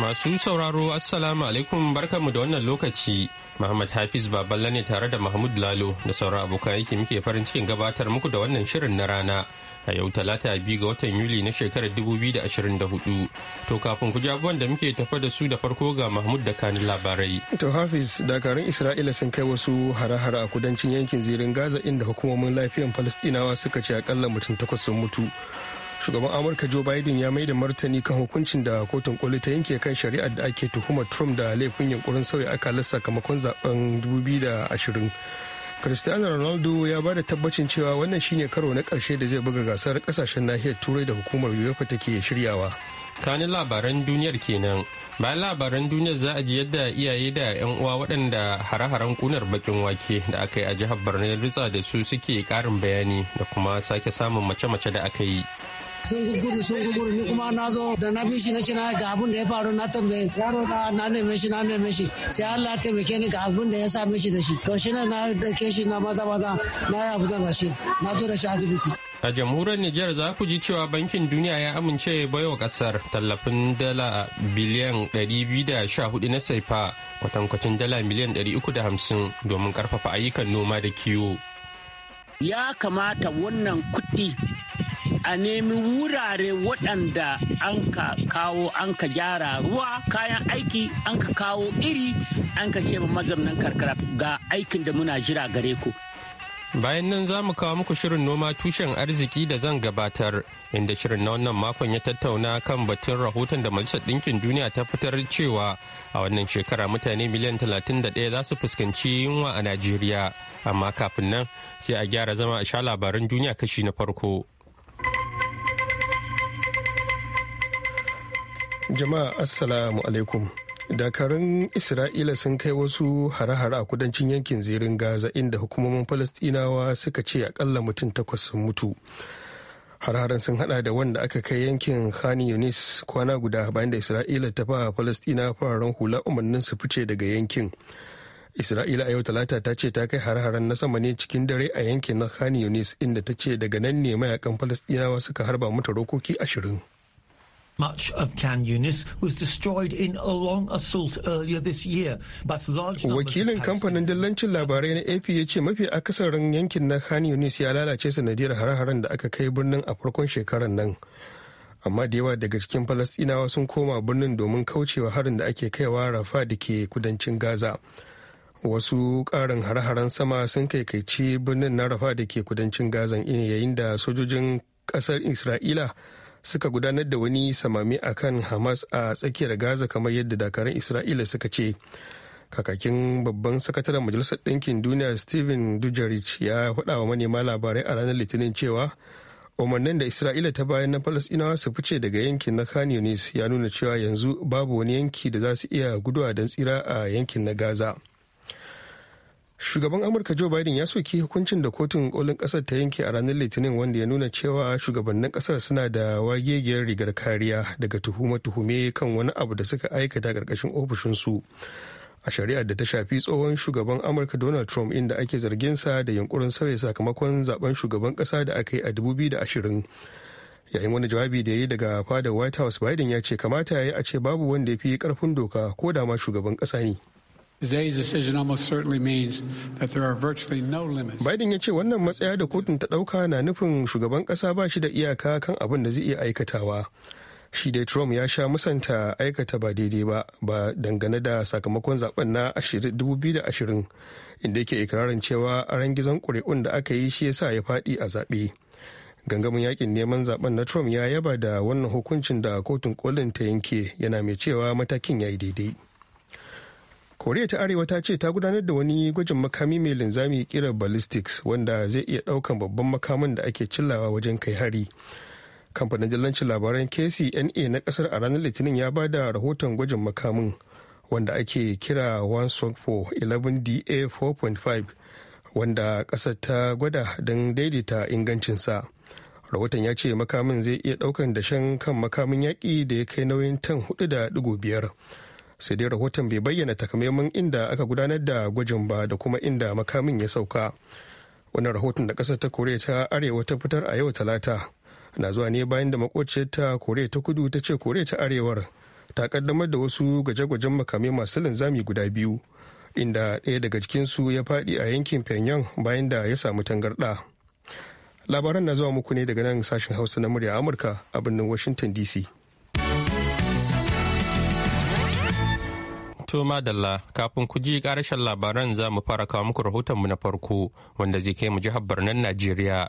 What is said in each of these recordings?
Masu sauraro Assalamu alaikum barkanmu da wannan lokaci. Muhammad Hafiz Baballa ne tare da Mahmud Lalo da sauran abokan aiki muke farin cikin gabatar muku da wannan shirin na rana. A yau talata biyu ga watan Yuli na shekarar dubu biyu da da ashirin hudu To kafin ku ji da muke tafa da su da farko ga Mahmud da kanin labarai. To Hafiz, dakarun Isra'ila sun kai wasu hare-hare a kudancin yankin zirin Gaza inda hukumomin lafiyan Falastinawa suka ce akalla mutum takwas sun mutu. shugaban amurka joe biden ya maida martani kan hukuncin da kotun koli ta yanke kan shari'ar da ake tuhumar trump da laifin yunkurin sauya akalar sakamakon zaben 2020 cristiano ronaldo ya ba da tabbacin cewa wannan shine karo na karshe da zai buga gasar kasashen nahiyar turai da hukumar uefa take shiryawa kani labaran duniyar kenan bayan labaran duniyar za a ji yadda iyaye da 'yan uwa waɗanda hare-haren kunar bakin wake da aka yi a jihar borno ritsa da su suke ƙarin bayani da kuma sake samun mace-mace da aka yi sun guguru sun guguru ni kuma na zo da na bishi na cina ga abun da ya faru na tambaye yaro na na neme shi na neme shi sai Allah taimake ni ga abun da ya sa mishi da shi to shi ne na dake shi na maza maza na ya fita da shi na zo da shi asibiti A jamhuriyar Nijar za ku ji cewa bankin duniya ya amince baiwa kasar tallafin dala biliyan 214 na saifa kwatankwacin dala miliyan 350 domin karfafa ayyukan noma da kiwo. Ya kamata wannan kuɗi a nemi wurare waɗanda an ka kawo an ka gyara ruwa kayan aiki an ka kawo iri an ka ce mazaunan karkara ga aikin da muna jira gare ku Bayan nan za mu kawo muku shirin noma tushen arziki da zan gabatar, inda shirin na wannan makon ya tattauna kan batun rahoton da Majalisar Ɗinkin Duniya ta fitar cewa a wannan shekara mutane miliyan 31 za su fuskanci yunwa a Najeriya. Amma kafin nan sai a gyara zama a sha labaran duniya kashi na farko. Jama'a Assalamu alaikum. Dakarun Isra'ila sun kai wasu hare-hare a kudancin yankin zirin Gaza inda hukumomin Falastinawa suka ce akalla mutum takwas sun mutu. Hararen sun hada da wanda aka kai yankin Khan Yunis kwana guda bayan da Isra'ila ta fara Falastina fararen hula umarnin su fice daga yankin. Isra'ila a yau talata ta ce ta kai hare haren na sama ne cikin dare a yankin na Khan Yunis inda ta ce daga nan ne mayakan Falastinawa suka harba mata rokoki ashirin. Much of Can Yunis was destroyed in a long assault earlier this year, but large Wakilin kamfanin dillancin labarai na AP ya ce mafi akasarin yankin na Khan Yunis ya lalace sanadiyar hare-haren da aka kai birnin a farkon shekarar nan. Amma da yawa daga cikin Falastinawa sun koma birnin domin kaucewa harin da ake kaiwa Rafa da ke kudancin Gaza. Wasu ƙarin hare-haren sama sun kaikaici birnin na Rafa da ke kudancin Gaza yayin da sojojin ƙasar Isra'ila suka gudanar da wani samami a kan hamas a tsakiyar gaza kamar yadda dakarun isra'ila suka ce kakakin babban sakataren majalisar ɗinkin duniya steven dujaric ya faɗa wa manema labarai a ranar litinin cewa umarnin da isra'ila ta bayan na falasɗinawa su fice daga yankin na khan ya nuna cewa yanzu babu wani yanki da za su iya guduwa don tsira a yankin na gaza shugaban amurka joe biden ya soki hukuncin da kotun kolin kasar ta yanke a ranar litinin wanda ya nuna cewa shugabannin kasar suna da wagegiyar rigar kariya daga tuhume-tuhume kan wani abu da suka aikata karkashin ofishinsu a shari'ar da ta shafi tsohon shugaban amurka donald trump inda ake zargin sa da yunkurin sauya sakamakon zaben shugaban kasa da aka yi a 2020 yayin wani jawabi da ya yi daga fadar white house biden ya ce kamata ya yi a ce babu wanda ya fi karfin doka ko da ma shugaban kasa ne Biden ya ce wannan matsaya da kotun ta ɗauka na nufin shugaban ƙasa ba shi da iyaka kan abin da zai iya aikatawa. Shi dai Trump ya sha musanta aikata ba daidai ba ba dangane da sakamakon zaben na 2020 inda yake ikirarin cewa a gizon ƙuri'un da aka yi shi yasa ya faɗi a zaɓe. Gangamin yakin neman zaben na Trump ya yaba da wannan hukuncin da kotun kolin ta yanke yana mai cewa matakin ya yi daidai. koriya ta arewa ta ce ta gudanar da wani gwajin makami mai linzami kira ballistics wanda zai iya daukan babban makamin da ake cillawa wajen kai hari kamfanin jallancin labaran kcna na kasar a ranar litinin ya ba da rahoton gwajin makamin wanda ake kira 11da 4.5 wanda kasar ta gwada don daidaita ingancinsa rahoton ya ce makamin zai iya daukan dashen kan makamin yaƙi da ya kai nauyin tan 4.5 sai dai rahoton bai bayyana takamaiman inda aka gudanar da gwajin ba da kuma inda makamin ya sauka wannan rahoton da ƙasar ta koriya ta arewa ta fitar a yau talata na zuwa ne bayan da makociyar ta koriya ta kudu ta ce koriya ta arewar ta kaddamar da wasu gwaje-gwajen makamai masu linzami guda biyu inda ɗaya daga cikinsu ya faɗi a yankin pyongyang bayan da ya samu tangarɗa labaran na zuwa muku ne daga nan sashen hausa na murya amurka a birnin washington dc To Madalla, kafin ku ji ƙarashen labaran za mu fara kawo muku mu na farko wanda zai kai mu jihar Barnan Najeriya.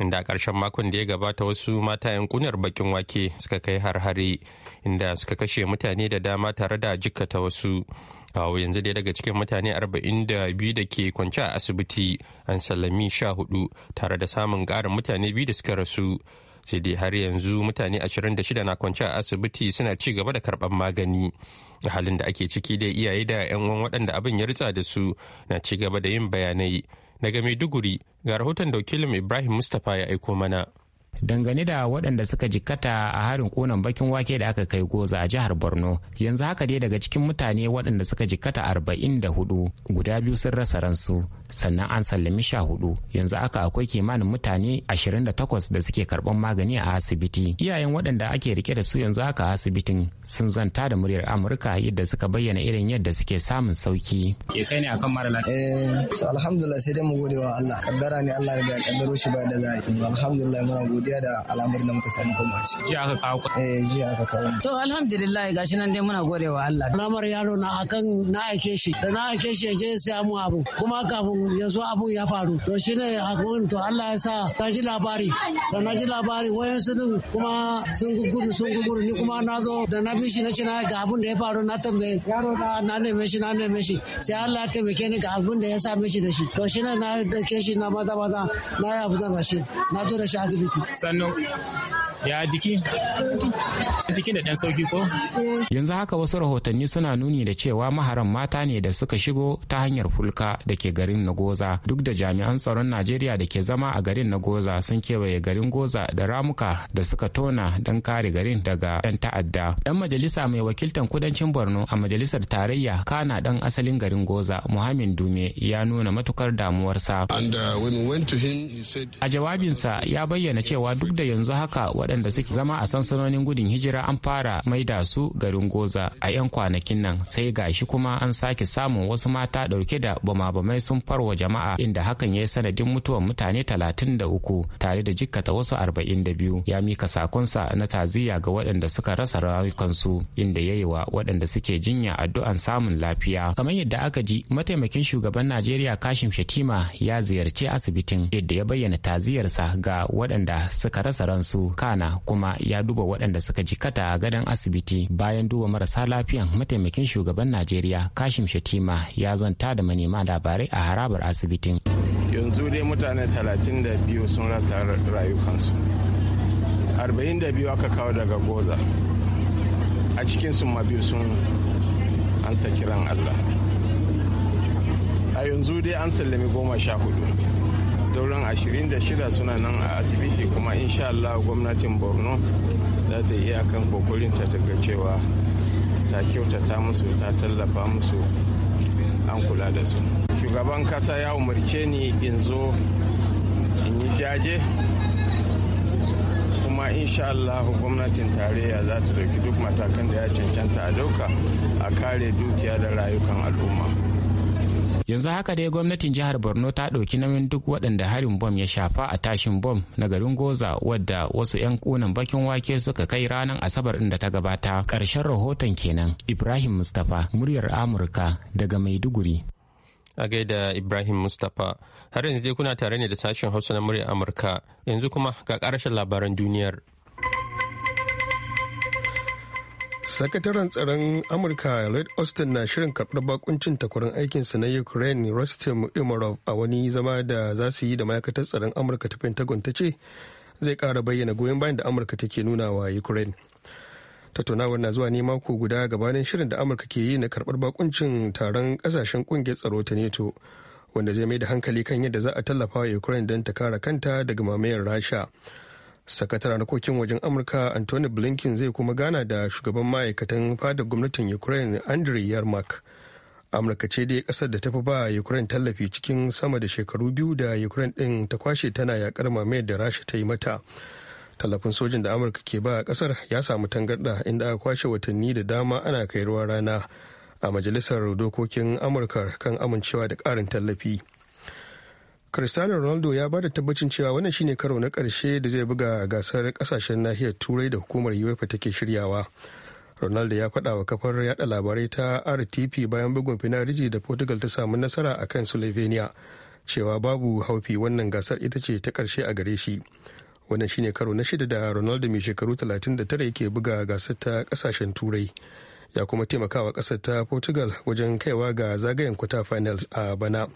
Inda a ƙarshen makon da ya gabata wasu mata yankunar bakin wake suka kai har hari inda suka kashe mutane da dama tare da jikkata wasu. kawo yanzu dai daga cikin mutane 42 da ke kwance a asibiti an sallami 14 tare da samun ƙarin mutane biyu da suka rasu sai dai har yanzu mutane 26 na kwance a asibiti suna ci gaba da karɓar magani halin da ake ciki dai iyaye da 'yan uwan waɗanda abin ya ritsa da su na ci gaba da yin bayanai daga maiduguri ga rahoton da wakilin ibrahim mustapha ya aiko mana dangane da waɗanda suka jikkata a harin konan bakin wake da aka kai goza a jihar borno yanzu haka dai daga cikin mutane waɗanda suka jikkata arba'in da hudu guda biyu sun rasa ransu sannan an sallami sha hudu yanzu aka akwai kimanin mutane ashirin da takwas da suke karɓar magani a asibiti iyayen waɗanda ake rike da su yanzu haka asibitin sun zanta da muryar amurka yadda suka bayyana irin yadda suke samun sauki ya eh, kai ne akan mara lafiya eh, alhamdulillah sai dai mu gode wa Allah kaddara ne Allah ya kaddaro shi ba da zai alhamdulillah muna gode godiya da al'amarin da muka samu kuma a ciki. Jiya aka kawo. Eh jiya aka kawo. To alhamdulillah gashi nan dai muna gode wa Allah. Ramar yaro na akan na ake shi da na ake shi je sai mu abu kuma kafin ya zo abun ya faru to shine hakun to Allah ya sa ta ji labari da na ji labari su din kuma sun gudu sun gudu ni kuma na zo da na bi shi na ci na ga abun da ya faru na tambaye yaro na na neme shi na neme shi sai Allah ya taimake ni ga abun da ya sa shi da shi to ne na ke shi na maza maza na ya fitar da shi na zo da shi asibiti. sannan ya jiki jiki da ɗan sauki ko yanzu haka wasu rahotanni suna nuni da cewa maharan mata ne da suka shigo ta hanyar fulka da ke garin nagoza duk da jami'an tsaron najeriya da ke zama a garin nagoza sun kewaye garin goza da ramuka da suka tona don kare garin daga 'yan ta'adda dan majalisa mai wakiltan kudancin borno a majalisar tarayya kana dan asalin garin goza muhammed dume ya nuna matukar damuwarsa uh, a jawabinsa ya bayyana cewa cewa duk da yanzu haka waɗanda suke zama a sansanonin gudun hijira an fara maida su garin goza a 'yan kwanakin nan sai gashi kuma an sake samun wasu mata ɗauke da bama sun farwa jama'a inda hakan ya yi sanadin mutuwar mutane talatin da uku tare da jikkata wasu arba'in da biyu. ya mika sakonsa na taziya ga waɗanda suka rasa rayukansu inda ya yi wa waɗanda suke jinya addu'an samun lafiya kamar yadda aka ji mataimakin shugaban najeriya kashim shatima ya ziyarci asibitin yadda ya bayyana taziyarsa ga waɗanda suka rasa ransu kana kuma ya duba waɗanda suka jikata a gadon asibiti bayan duba marasa lafiyan mataimakin shugaban najeriya kashim shatima ya zanta da manema labarai a harabar asibitin yanzu dai mutane 32 sun rasa rayukansu 42 aka kawo daga goza a cikin sun biyu sun ansa kiran allah a yanzu dai an sallami goma sha hudu dauran 26 suna nan a asibiti kuma insha Allah gwamnatin borno za ta iya kan kokorin ta daga cewa ta kyautata musu ta tallafa musu an kula da su shugaban kasa ya umarce ni in zo in yi jaje kuma insha Allah gwamnatin tarayya za ta dauki duk matakan da ya cancanta a dauka a kare dukiya da rayukan al'umma. yanzu haka dai gwamnatin jihar borno ta ɗauki nauyin duk waɗanda harin bom ya shafa a tashin bom na garin goza wadda wasu 'yan kunan bakin wake suka kai ranar asabar ɗin da ta gabata ƙarshen rahoton kenan ibrahim mustapha muryar amurka daga maiduguri a gaida ibrahim mustapha har yanzu dai kuna tare ne da sashen hausa na muryar amurka yanzu kuma ga ƙarashin labaran duniyar sakataren tsaron amurka red austin na shirin karɓar bakuncin takwarar aikinsa na ukraine rustem umarov a wani zama da za su yi da ma'aikatar tsaron amurka ta pentagon ta ce zai ƙara bayyana goyon bayan da amurka take nuna wa ukraine tattaunawar na zuwa ne mako guda gabanin shirin da amurka ke yi na karɓar bakuncin taron ƙasashen ƙungiyar tsaro ta neto wanda zai mai da hankali kan yadda za a tallafa wa ukraine don ta kare kanta daga mamayar rasha sakataren harkokin wajen amurka anthony blinken zai kuma gana da shugaban ma'aikatan fadar gwamnatin ukraine andrei yarmak amurka ce dai kasar da ta fi ba ukraine tallafi cikin sama da shekaru biyu da ukraine din ta kwashe tana yakar mamayar da rasha ta yi mata tallafin sojin da amurka ke ba kasar ya samu tangarda inda aka kwashe watanni da dama ana kai ruwa rana a majalisar dokokin amurka kan amincewa da karin tallafi cristiano ronaldo ya bada tabbacin cewa wannan shine karo na karshe da zai buga gasar kasashen nahiyar turai da hukumar uefa take shiryawa ronaldo ya faɗa wa kafar yada labarai ta rtp bayan bugun finariji da portugal ta samu nasara a kan slovenia cewa babu haufi wannan gasar ita ce ta karshe a gare shi wannan shine karo na shida da ronaldo mai shekaru 39 yake buga gasar ta kasashen turai ya kuma taimakawa kasar ta portugal wajen kaiwa ga zagayen kwata finals a bana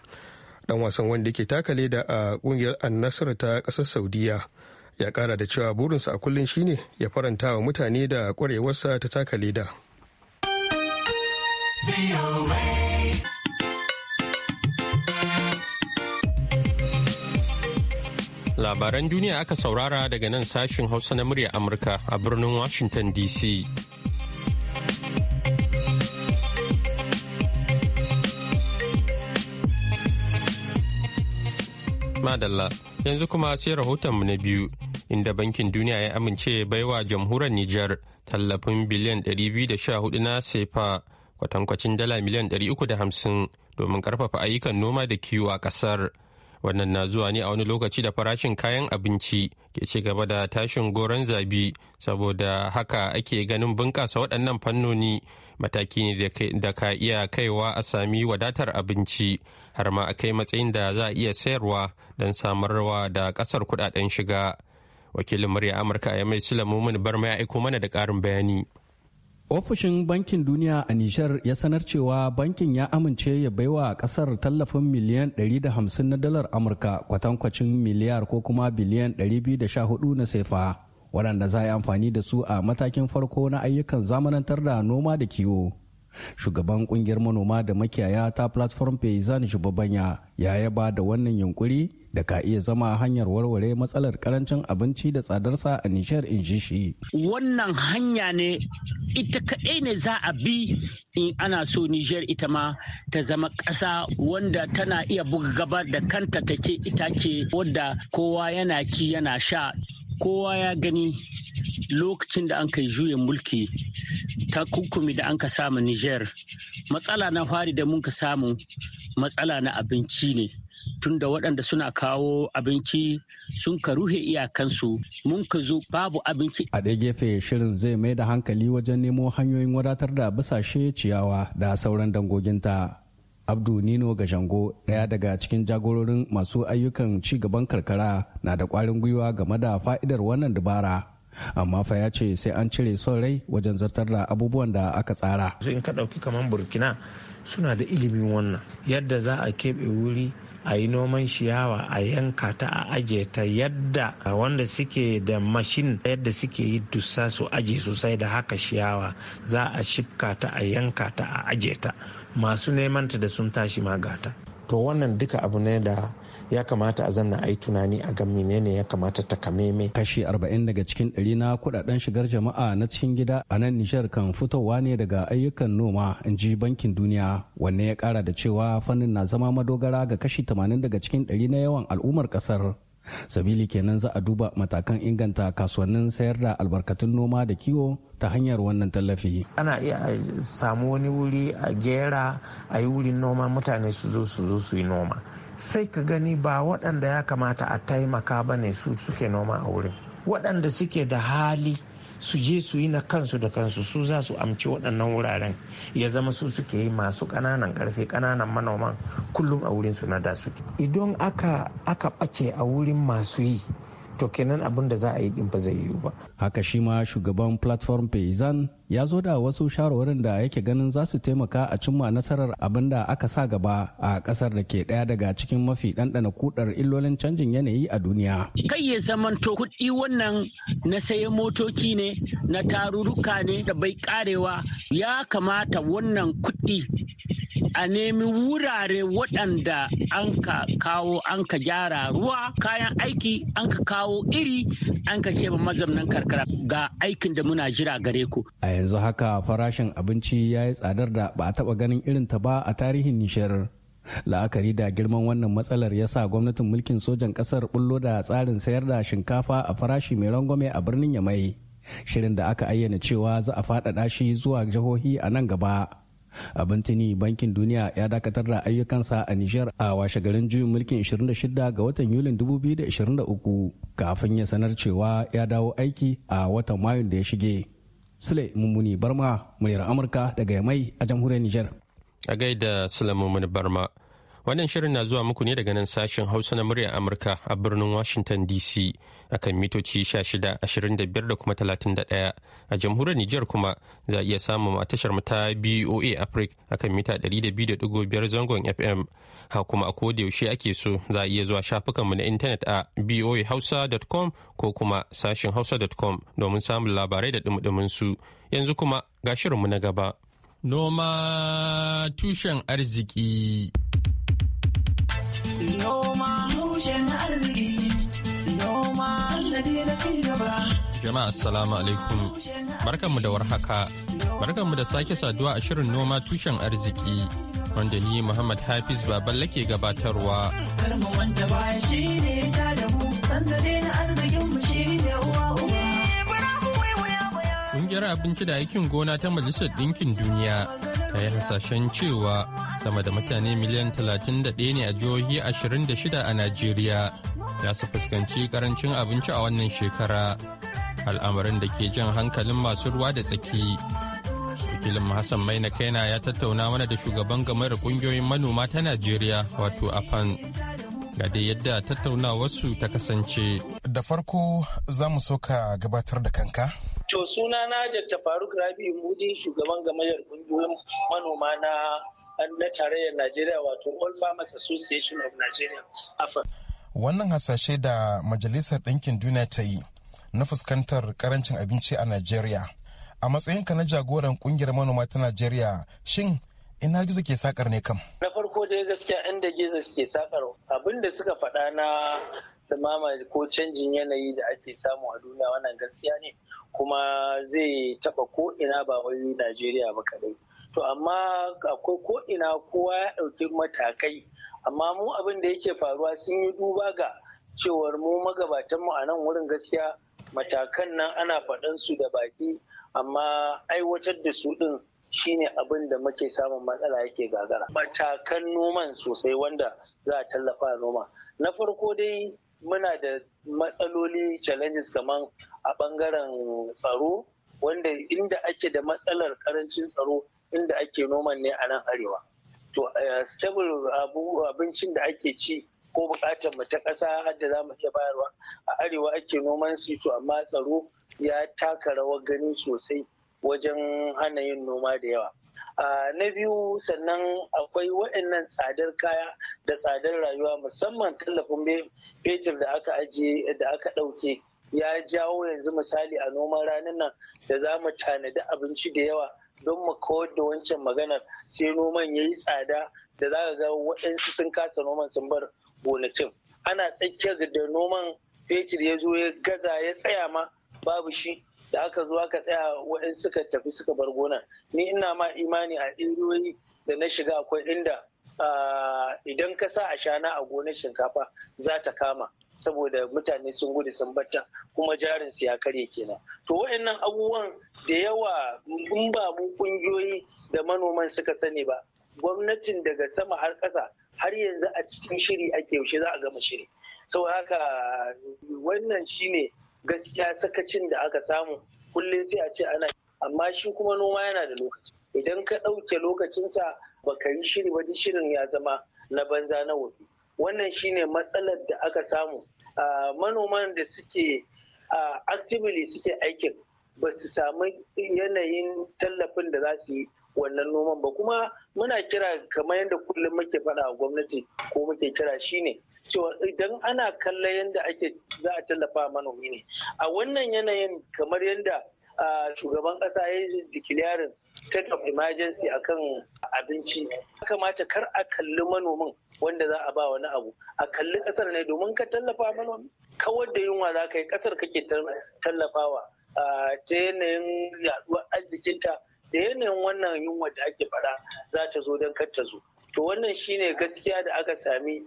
dan wasan wanda ke taka leda a kungiyar annasar ta kasar saudiya ya kara da cewa burinsa a kullum shine ya faranta wa mutane da kwarewarsa ta taka leda labaran duniya aka saurara daga nan sashin hausa na murya amurka a birnin washington dc Madalla yanzu kuma sai rahotonmu na biyu inda bankin duniya ya amince baiwa jamhuriyar Nijar tallafin biliyan 214 na sefa kwatankwacin dala miliyan 350 domin karfafa ayyukan noma da kiwo a kasar. Wannan na zuwa ne a wani lokaci da farashin kayan abinci ke ci gaba da tashin goron zabi saboda haka ake ganin bunƙasa waɗannan fannoni mataki ne da ka iya kaiwa a sami wadatar abinci har ma a kai matsayin da za a iya sayarwa don samarwa da kasar kudaden shiga wakilin murya amurka ya a yamai bar ma ya aiko mana da karin bayani ofishin bankin duniya a nishar ya sanar cewa bankin ya amince ya baiwa kasar tallafin miliyan 150 na dalar amurka kwatankwacin miliyar ko kuma biliyan 214 na sefa waɗanda za a yi amfani da su a matakin farko na ayyukan zamanantar da noma da kiwo shugaban kungiyar manoma da makiyaya ta platform paysan shubabanya ya yaba da wannan yunkuri da ka iya zama hanyar warware matsalar karancin abinci da tsadarsa a nishar injishi wannan hanya ne ita kaɗai ne za a bi in ana so nijar ita ma ta zama ƙasa wanda tana iya buga gabar da kanta take itace wadda kowa yana ci yana sha kowa ya gani lokacin da an kai juyin mulki ta kukumi da an ka samu niger matsala na fari da mun ka samu matsala na abinci ne tunda waɗanda suna kawo abinci sun ka ruhe iyakansu mun ka zo babu abinci. A ɗaya gefe shirin zai mai da hankali wajen nemo hanyoyin wadatar da bisashe ciyawa da sauran dangoginta. abdu nino gashango daya daga cikin jagororin masu ayyukan ci gaban karkara na da kwarin gwiwa game da fa'idar wannan dabara amma fa ya ce sai an cire son rai wajen zartar da abubuwan da aka tsara in ka dauki kamar burkina suna da ilimin wannan yadda za a keɓe wuri a yi noman shiyawa a yanka ta a aje ta yadda wanda suke da mashin yadda suke yi dusa su aje sosai da haka shiyawa za a shifka ta a yanka ta a aje ta masu nemanta da sun tashi magata to wannan duka abu ne da ya kamata a zanna a yi tunani a gan menene ya kamata ta kameme. Kashi 40 daga cikin ɗari na kudaden shigar jama'a na cikin gida a nan Nijar kan fitowa ne daga ayyukan noma in ji bankin duniya wanne ya kara da cewa fannin na zama madogara ga kashi 80 daga cikin ɗari na yawan al'ummar ƙasar sabili kenan za a duba matakan inganta kasuwannin sayar da albarkatun noma da kiwo ta hanyar wannan tallafi ana iya samu wani wuri a gera a yi wurin noma mutane su zo su zo su yi noma sai ka gani ba waɗanda ya kamata a taimaka ba ne su suke noma a wurin waɗanda suke da hali su je su yi na kansu da kansu su za su amci waɗannan wuraren ya zama su suke yi masu ƙananan ƙarfe ƙananan manoman kullum a wurin su na da suke idan aka aka ɓace a wurin masu yi to kenan abin da za a yi ɗin ba zai yiwu ba haka shi ma shugaban platform payzan ya zo da wasu shawarwarin da yake ganin za su taimaka a cimma nasarar abin da aka sa gaba a kasar da ke daya daga cikin mafi ɗanɗana kudar illolin canjin yanayi a duniya. Kai ya zaman to kuɗi wannan na sayan motoci ne, na tarurruka ne da bai karewa ya kamata wannan kuɗi a nemi wurare waɗanda an ka kawo an ka gyara ruwa kayan aiki an ka kawo iri an ka ce mazamnan karkara ga aikin da muna jira gare ku. A yanzu haka farashin abinci ya yi tsadar da ba a taba ganin irin ta ba a tarihin nishar la'akari da girman wannan matsalar ya sa gwamnatin mulkin sojan ƙasar bullo da tsarin sayar da shinkafa a farashi mai rangwame a birnin yamai shirin da aka ayyana cewa za a faɗaɗa shi zuwa jihohi a nan gaba abin tuni bankin duniya ya dakatar da ayyukansa a nijar a washe garin juyin mulkin 26 ga watan yulin 2023 kafin ya sanar cewa ya dawo aiki a watan mayun da ya shige Sule Mummuni Barma, muryar Amurka daga Yamai a jamhuriyar niger A gaida Sule Mummuni Barma. Wannan shirin na zuwa muku ne daga nan sashen Hausa na muryar Amurka a birnin Washington DC akan mitoci 16, da kuma 31 a jamhuriyar Nijar kuma za a iya samun a tashar ta BOA Africa akan mita 200.5 zangon FM. Ha kuma a koda yaushe ake so za a iya zuwa shafukanmu na intanet a boahausa.com ko kuma sashen hausa.com domin samun labarai da dumudumin su. Yanzu kuma ga shirinmu na gaba. Noma tushen arziki. Noma tushen arziki. Noma sannadi na ci gaba. Jama'a assalamu alaikum. Barkanmu da warhaka. Barkanmu da sake saduwa a shirin noma tushen arziki. Wanda ni Muhammad Hafiz Baballe ke gabatarwa. Karmu wanda baya shi ne ta da mu, sandare na arzikin mu shi ne uwa Ƙungiyar abinci da aikin gona ta Majalisar Ɗinkin Duniya ta yi hasashen cewa sama da mutane miliyan 31 ne a jihohi 26 a Najeriya ya su fuskanci karancin abinci a wannan shekara. Al'amarin da ke jan hankalin masu ruwa da tsaki. Wakilin Hassan Maina Kaina ya tattauna mana da shugaban gamayar kungiyoyin manoma ta Najeriya wato AFAN. ga dai yadda tattaunawarsu ta kasance. Da farko za mu so ka gabatar da kanka. To suna na jatta Faruk Rabi Mudi shugaban mayar kungiyoyin manoma na na tarayyar Najeriya wato All Farmers Association of Nigeria. Wannan hasashe da Majalisar Ɗinkin Duniya ta yi na fuskantar karancin abinci a Najeriya. A matsayinka na jagoran kungiyar manoma ta Najeriya, shin ina gizo ke sakar ne kam? Na farko dai gaskiya inda gizo ke sakar abinda suka faɗa na mama ko canjin yanayi da ake samu a duniya wannan gaskiya ne kuma zai taba ko ina ba wai najeriya ba kadai to amma akwai ko ina kowa ya ɗauki matakai amma mu abin da yake faruwa sun yi duba ga cewar mu magabatanmu a nan wurin gaskiya matakan nan ana faɗan su da baki amma aiwatar da su ɗin shine abin da muke samun matsala yake gagara matakan noman sosai wanda za a tallafa noma na farko dai muna da matsaloli challenges kamar a bangaren tsaro wanda inda ake da matsalar karancin tsaro inda ake noman ne a nan arewa to eh, stable abincin da ake ci ko bukatar mu ta ƙasa da za mu iya bayarwa a arewa ake noman su to amma tsaro ya taka rawar gani sosai wajen hana yin noma da yawa na biyu sannan akwai waɗannan tsadar kaya da tsadar rayuwa musamman tallafin fetur da aka ajiye da aka ɗauke ya jawo yanzu misali a noman ranar nan da za mu tanadi abinci da yawa don mu kawar da wancan maganar sai noman ya yi tsada da za ka ga waɗansu sun kasa noman sun bar gonakin ana tsakiyar da noman fetur ya zo ya gaza ya tsaya ma babu shi da aka zo aka tsaya waɗansu suka tafi suka bar gona, ni ina ma imani a iriyoyi da na shiga akwai inda idan ka sa a shana a gonar shinkafa za ta kama saboda mutane sun gudu sun bata kuma jarin su ya karye kenan to waɗannan abubuwan da yawa in ba mu kungiyoyi da manoman suka sani ba gwamnatin daga sama har ƙasa har yanzu a cikin shiri ake yaushe za a gama shiri sau haka wannan shine gaskiya sakacin da aka samu kullum sai a ce ana amma shi kuma noma yana da lokaci idan ka ɗauke lokacinsa baka yi shiri ba shirin ya zama na banza na wofi wannan shine matsalar da aka samu ah, manoman da suke ah, actively suke aikin ba su samu yanayin tallafin da za su yi wannan noman ba kuma muna kira kamar yadda kullum muke faɗa a gwamnati ko muke kira shine cewa idan ana kallon yadda ake za a tallafa manomi ne a wannan yanayin kamar yadda shugaban ƙasa ya yi declaring state of emergency akan abinci kamata kar a kalli manomin wanda za a ba wani abu a kalli ƙasar ne domin ka tallafa manomi kawar da yunwa za ka yi ƙasar kake tallafawa ta yanayin yaduwar arzikinta da yanayin wannan yunwa da ake fara za ta zo don kar ta zo to wannan shine gaskiya da aka sami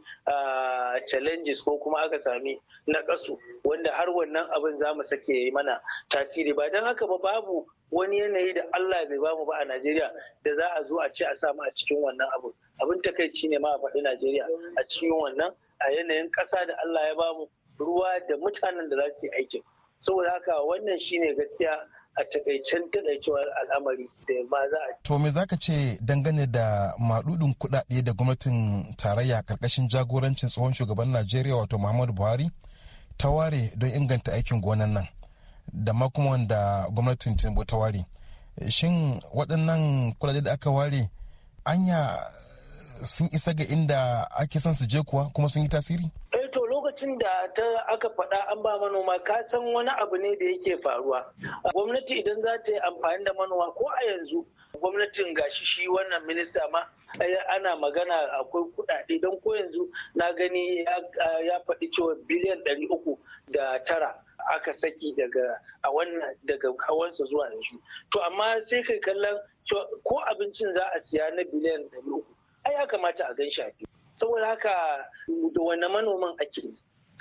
challenges ko kuma aka sami na kasu wanda har wannan abin za mu sake yi mana tasiri ba don haka ba babu wani yanayi da Allah bai bamu ba a Najeriya da za a zo a ce a samu a cikin wannan abin abin takaici ne ma a faɗi Najeriya a cikin wannan a yanayin ƙasa da Allah ya bamu ruwa da mutanen da za su yi aikin saboda haka wannan shine gaskiya a takaicin takaicewar al'amari da ba za a. To me zaka ce dangane da maɗuɗin kuɗaɗe da gwamnatin tarayya karkashin jagorancin tsohon shugaban Najeriya wato Muhammadu Buhari ta ware don inganta aikin gonan nan da ma kuma wanda gwamnatin Tinubu ta ware. Shin waɗannan kuɗaɗe da aka ware anya sun isa ga inda ake son su je kuwa kuma sun yi tasiri? lokacin da ta aka faɗa an ba manoma ka san wani abu ne da yake faruwa gwamnati idan za ta yi amfani da manoma ko a yanzu gwamnatin gashi shi wannan minista ma ana magana akwai kuɗaɗe don ko yanzu na gani ya faɗi cewa biliyan ɗari uku da tara aka saki daga a wannan daga kawansa zuwa yanzu to amma sai kai kallon ko abincin za a siya na biliyan ɗari uku ai ya kamata a gan shafi saboda haka da wani manoman ake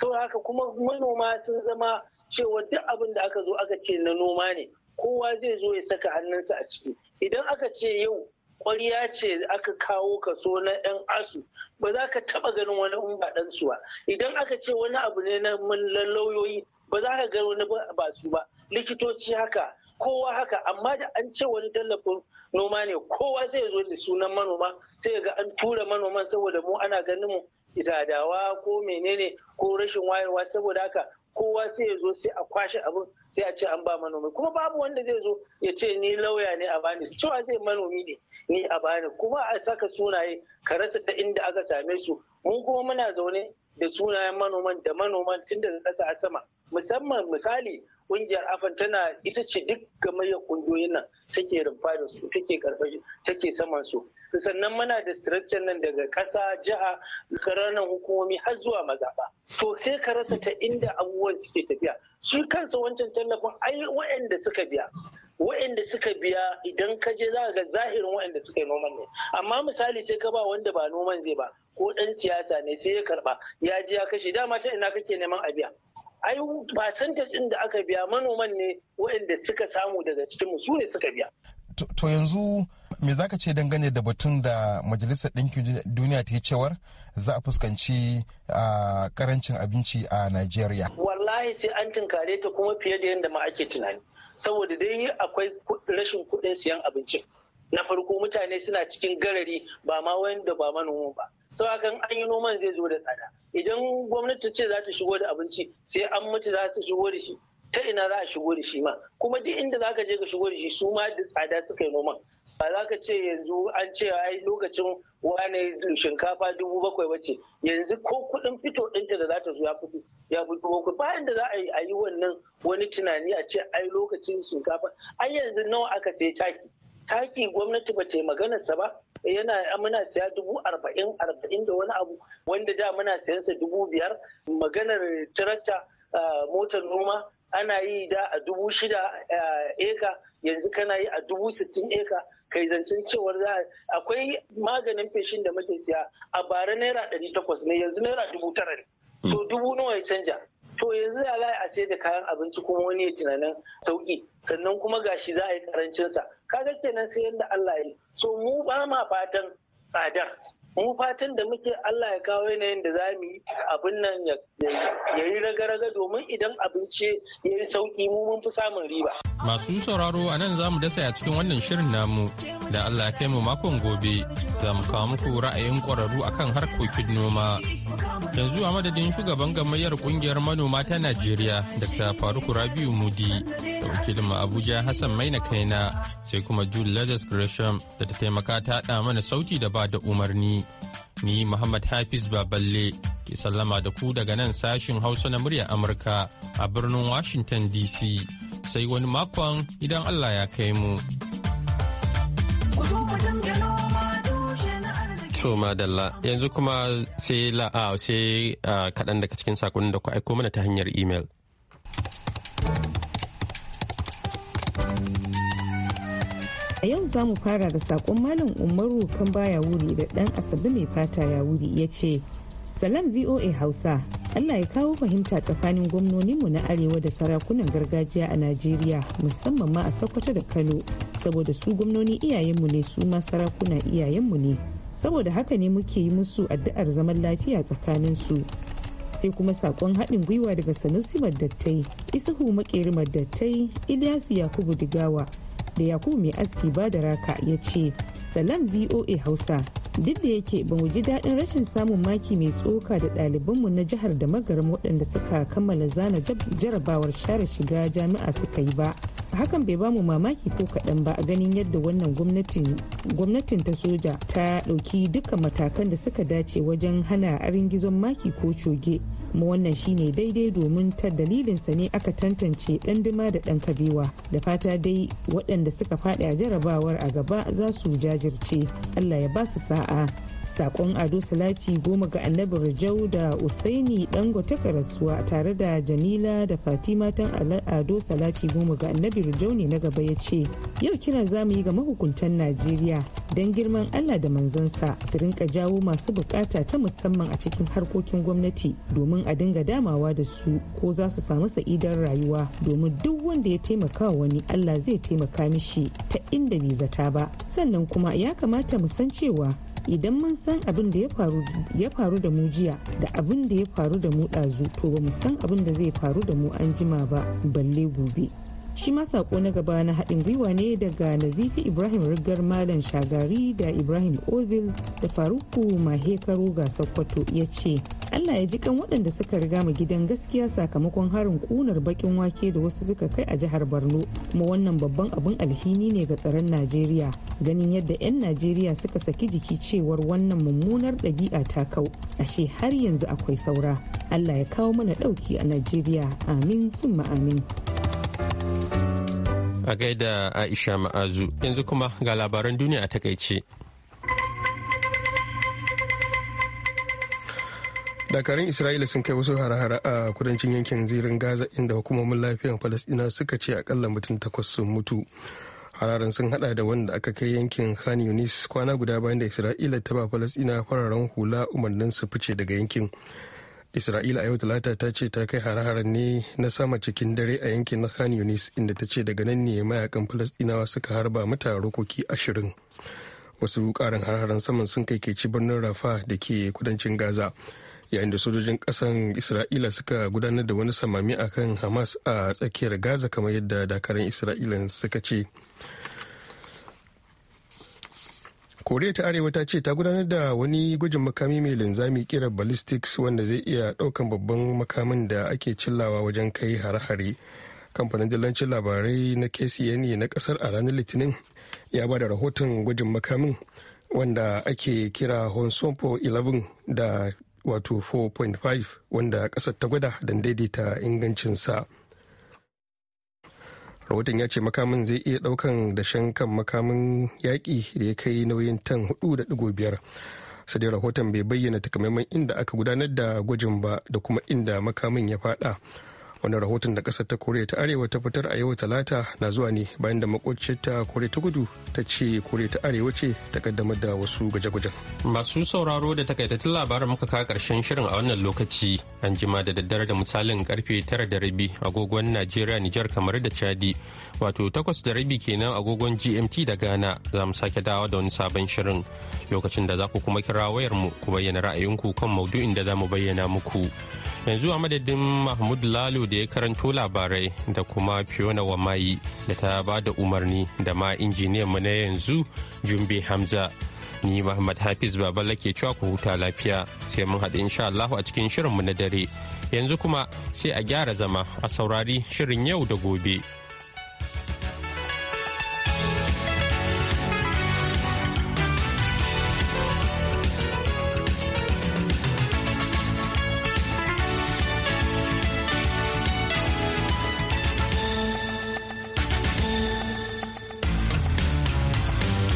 sau haka kuma manoma sun zama cewa duk abin da aka zo aka ce na noma ne kowa zai zo ya saka hannunsa a ciki idan aka ce yau ƙwarya ce aka kawo kaso na 'yan asu ba za ka taɓa ganin wani ba ba idan aka ce wani abu ne na lauyoyi ba za ka ga wani ba su ba likitoci haka kowa haka amma da an ce wani tallafin noma ne kowa zai zo da sunan manoma sai ga an tura manoman saboda mu ana ganin mu itadawa ko menene ko rashin wayarwa saboda haka kowa sai ya zo sai a kwashe abin sai a ce an ba manomi kuma babu wanda zai zo ya ce ni lauya ne a bani cewa zai manomi ne ni a bani kuma a saka sunaye ka rasa ta inda aka same su mu kuma muna zaune da sunayen manoman da manoman tun daga ƙasa a sama musamman misali kungiyar afan tana ita ce duk gamayyar kungiyoyin nan take rumfa da su take take saman su sannan muna da structure nan daga kasa jiha karanan hukumomi har zuwa mazaba to sai ka rasa ta inda abubuwan suke tafiya su kansa wancan tallafin ai wa'anda suka biya wa'anda suka biya idan ka je za ga zahirin wa'anda suka yi noman ne amma misali sai ka ba wanda ba noman zai ba ko dan siyasa ne sai ya karba ya ji ya kashe dama ta ina kake neman a biya ai percentage ɗin da aka biya manoman ne waɗanda suka samu daga cikin su ne suka biya to yanzu me zaka ce dangane da batun da majalisar ɗinkin duniya ta yi cewar za a fuskanci karancin abinci a Najeriya. Wallahi sai an tinkare ta kuma fiye da yadda ma ake tunani. Saboda dai akwai rashin kuɗin siyan abincin. Na farko mutane suna cikin garari ba ma wanda ba manoma ba. kan an yi noman zai zo da tsada idan gwamnati ce za ta shigo da abinci sai an mutu za ta shigo da shi ta ina za a shigo da shi ma kuma duk inda za ka je ka shigo da shi su ma da tsada suka yi noman ba za ka ce yanzu an ce ai lokacin wane shinkafa dubu bakwai bace yanzu ko kuɗin fito ɗinta da za ta zo ya fito ya fito bakwai bayan da za a yi a yi wannan wani tunani a ce ai lokacin shinkafa ai yanzu nawa aka sai taki taki gwamnati ba ta yi maganarsa ba eh, yana muna siya dubu arba'in arba'in da wani abu wanda da muna siyansa dubu biyar maganar tirakta motar noma ana yi da a dubu shida eka yanzu kana yi a dubu sittin eka kai zancen cewar za akwai maganin feshin da muke siya a bara naira ɗari takwas ne yanzu naira dubu tara ne hmm. so dubu nawa ya canja to yanzu ya za a sai da kayan abinci kuma wani ya tunanin sauki sannan kuma gashi za a yi karancin sa kaga kenan sai yanda Allah ya yi so mu ba ma fatan tsadar mu fatan da muke Allah ya kawo yanayin da za mu yi abun nan ya raga domin idan abinci ya yi sauki mu mun fi samun riba. Masu sauraro a nan za mu dasa a cikin wannan shirin namu da Allah ya kai mu makon gobe za mu kawo muku ra'ayin ƙwararru akan harkokin noma. Yanzu a madadin shugaban gamayyar ƙungiyar manoma ta Najeriya Dr. Faruk Rabiu Mudi da wakilin Abuja Hassan Maina Kaina sai kuma Jude Ladis Gresham da ta taimaka ta mana sauti da ba da umarni. Ni Muhammad Hafiz Baballe Ki sallama da ku daga nan sashin Hausa na muryar Amurka a birnin Washington DC. Sai wani makon idan Allah ya kai mu. To madalla yanzu kuma sai la'a sai kaɗan daga cikin saƙonin da ku aiko mana ta hanyar imel. A yau za mu fara da sakon Malam Umaru kan baya wuri da ɗan asabi mai fata ya wuri ya ce, salam voa hausa allah ya kawo fahimta tsakanin gwamnoninmu na arewa da sarakunan gargajiya a najeriya musamman ma a sokoto da kano saboda su gwamnoni iyayenmu ne su ma sarakuna iyayenmu ne saboda haka ne muke yi musu addu'ar zaman lafiya tsakanin su sai kuma saƙon haɗin gwiwa daga sanusi Maddattai, isuhu makeri Maddattai, ilyasu yakubu digawa da yakubu mai aski ba raka ya ce salam voa hausa duk da yake ba mu ji daɗin rashin samun maki mai tsoka da ɗalibanmu na jihar da magaram waɗanda suka kammala zana jarabawar share shiga jami'a suka yi ba hakan bai bamu mamaki ko kaɗan ba a ganin yadda wannan gwamnatin ta soja ta ɗauki duka matakan da suka dace wajen hana arin gizon maki ko coge kuma wannan shine daidai domin ta dalilinsa ne aka tantance ɗan dima da ɗan kabewa da fata dai waɗanda suka faɗi a jarabawar a gaba za su jajirce allah ya ba su sa'a sakon ado salati goma ga annabi rajau da usaini ta karasuwa tare da jamila da fatima tan ado salati goma ga annabi rajau ne na gaba ya ce yau kira za yi ga mahukuntan najeriya don girman allah da manzansa su rinka jawo masu bukata ta musamman a cikin harkokin gwamnati domin a dinga damawa da su ko za su samu sa'idar rayuwa domin duk wanda ya taimaka wani allah zai taimaka mishi ta inda bai zata ba sannan kuma ya kamata mu san cewa idan mun san abin da ya faru da mu jiya da abin da ya faru da mu ɗazu to ba mu san abin da zai faru da mu an jima ba balle gobe shi ma sako na gaba na haɗin gwiwa ne daga nazifi ibrahim rigar malam shagari da ibrahim ozil da faruku mahekaro ga sokoto ya ce allah ya ji kan waɗanda suka riga mu gidan gaskiya sakamakon harin kunar bakin wake da wasu suka kai a jihar borno kuma wannan babban abun alhini ne ga tsaron najeriya ganin yadda 'yan najeriya suka saki jiki cewar wannan mummunar ɗabi'a ta kau ashe har yanzu akwai saura allah ya kawo mana ɗauki a najeriya amin summa amin A gaida Aisha Ma'azu yanzu kuma ga labaran duniya a takaice. dakarun isra'ila sun kai wasu hare-hare a kudancin yankin zirin gaza inda hukumomin lafiyar falasɗina suka ce akalla mutum takwas sun mutu hararen sun hada da wanda aka kai yankin khan yunis kwana guda bayan da isra'ila ta ba falasɗina fararen hula umarnin su fice daga yankin isra'ila a yau talata ta ce ta kai hare ne na sama cikin dare a yankin na khan yunis inda ta ce daga nan ne mayakan falastinawa suka harba mata rokoki ashirin wasu karin hare saman sun kai ci birnin rafa da ke kudancin gaza yayin da sojojin kasan isra'ila suka gudanar da wani samami akan hamas a tsakiyar gaza kamar yadda dakarun isra'ila suka ce koriya ta arewa ta ce ta gudanar da wani gwajin makami mai linzami kira ballistics wanda zai iya daukan babban makamin da ake cillawa wajen kai hare-hare kamfanin dillancin labarai na kcna na kasar a ranar litinin ya ba da rahoton gwajin makamin wanda ake kira honsonpo 11 da wato 4.5 wanda kasar ta gwada don daidaita ingancinsa. rahoton ya ce makamin zai iya daukan dashen kan makamin yaƙi da ya kai nauyin tan 4.5 sai dai rahoton bai bayyana takamaiman inda aka gudanar da gwajin ba da kuma inda makamin ya fada wani rahoton da kasar ta koriya ta arewa ta fitar a yau talata na zuwa ne bayan da makwacce ta koriya ta gudu ta ce koriya ta arewa ce ta kaddamar da wasu gwaje-gwajen masu sauraro da takaitattun labarin muka kawo karshen shirin a wannan lokaci an jima da daddare da misalin karfe tara da rabi agogon najeriya nijar kamar da chadi wato takwas da rabi kenan agogon gmt da ghana za mu sake dawo da wani sabon shirin lokacin da za ku kuma kira wayar mu ku bayyana ra'ayinku kan maudu'in da za mu bayyana muku yanzu a madadin mahmud lalo da ya karanto labarai da kuma fiona wamayi da ta ba da umarni da ma injiniyan mu na yanzu jumbe hamza ni Muhammad Hafiz Baballa ke cewa ku huta lafiya sai mun haɗu insha Allahu a cikin mu na dare. Yanzu kuma sai a gyara zama a saurari shirin yau da gobe.